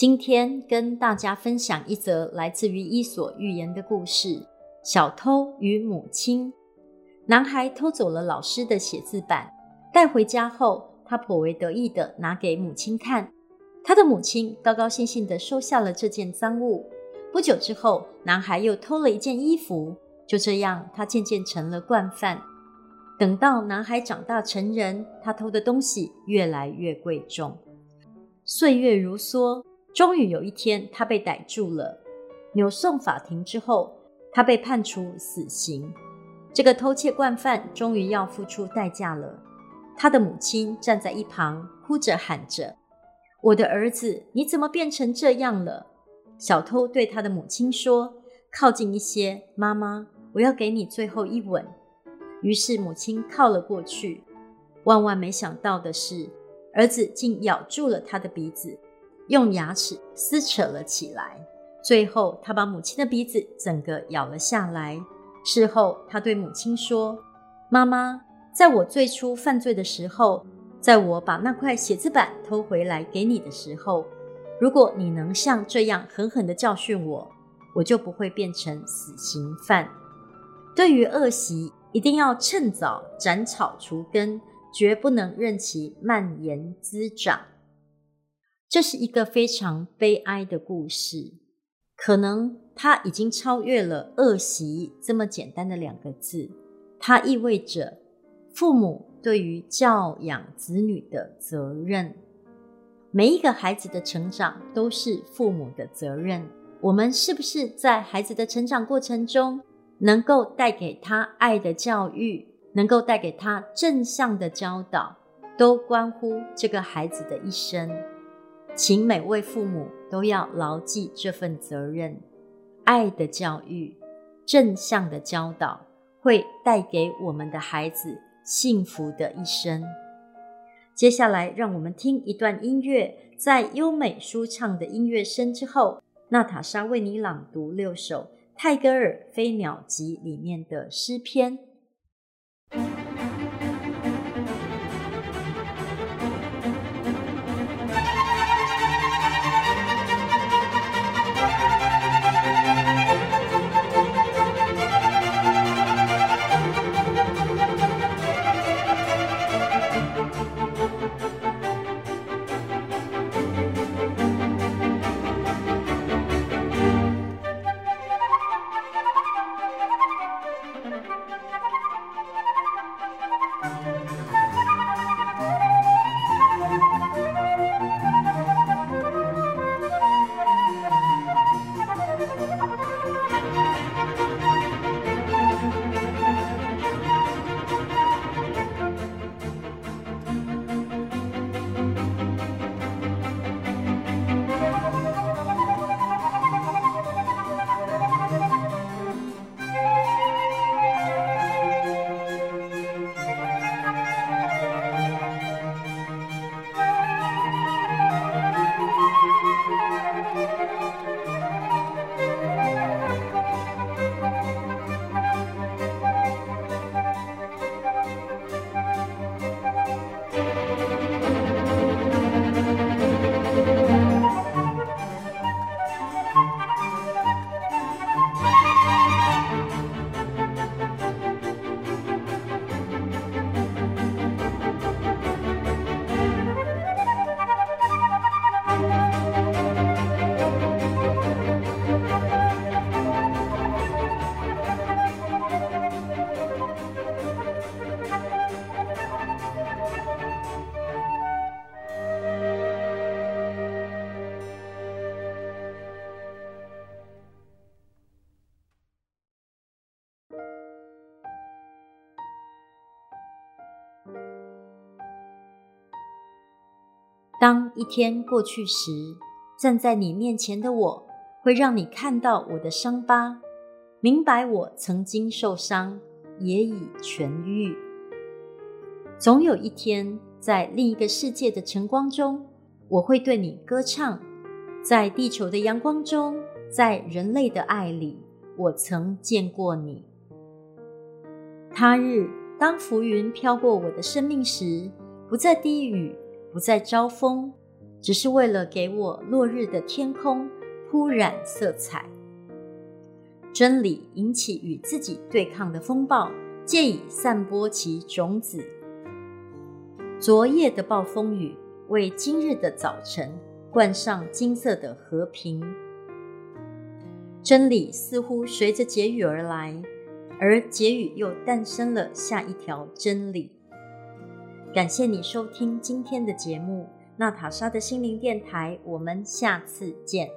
今天跟大家分享一則來自於伊索寓言的故事：小偷與母親。男孩偷走了老師的寫字板，帶回家後，他頗為得意地拿給母親看。他的母親高高興興地收下了這件贓物。不久之後，男孩又偷了一件衣服。就這樣，他漸漸成了慣犯。等到男孩長大成人，他偷的東西越來越貴重。歲月如梭。終於有一天，他被逮住了。扭送法庭之後，他被判處死刑。這個偷竊慣犯終於要付出代價了。他的母親站在一旁，哭着喊着：“我的兒子，你怎麼變成這樣了？”小偷對他的母親說：“靠近一些，媽媽，我要給你最後一吻。”於是母親靠了過去。萬萬沒想到的是，兒子竟咬住了他的鼻子。用牙齒撕扯了起來，最後他把母親的鼻子整個咬了下來。事後，他對母親說：“媽媽，在我最初犯罪的時候，在我把那塊寫字板偷回來給你的時候，如果你能像這樣狠狠地教訓我，我就不會變成死刑犯。對於惡習，一定要趁早斬草除根，絕不能任其蔓延滋長。”這是一個非常悲哀的故事。可能他已經超越了“惡習”這麼簡單的兩個字，它意味着父母對於教養子女的責任。每一個孩子的成長都是父母的責任。我們是不是在孩子的成長過程中，能夠帶給他愛的教育，能夠帶給他正向的教導，都關乎這個孩子的一生。請每位父母都要牢記這份責任，愛的教育、正向的教導，會帶給我們的孩子幸福的一生。接下來，讓我們聽一段音樂，在優美舒暢的音樂聲之後，娜塔莎為你朗讀六首泰戈爾《飛鳥集》裡面的詩篇。當一天過去時，站在你面前的我，會讓你看到我的傷疤，明白我曾經受傷，也已痊癒。總有一天，在另一個世界的晨光中，我會對你歌唱，在地球的陽光中，在人類的愛裡，我曾見過你。他日。當浮雲飄過我的生命時，不再低語，不再招風，只是為了給我落日的天空鋪染色彩。真理引起與自己對抗的風暴，借以散播其種子。昨夜的暴風雨為今日的早晨灌上金色的和平。真理似乎隨着結語而來。而結語又誕生了下一條真理。感謝你收聽今天的節目，娜塔莎的心靈電台，我們下次見。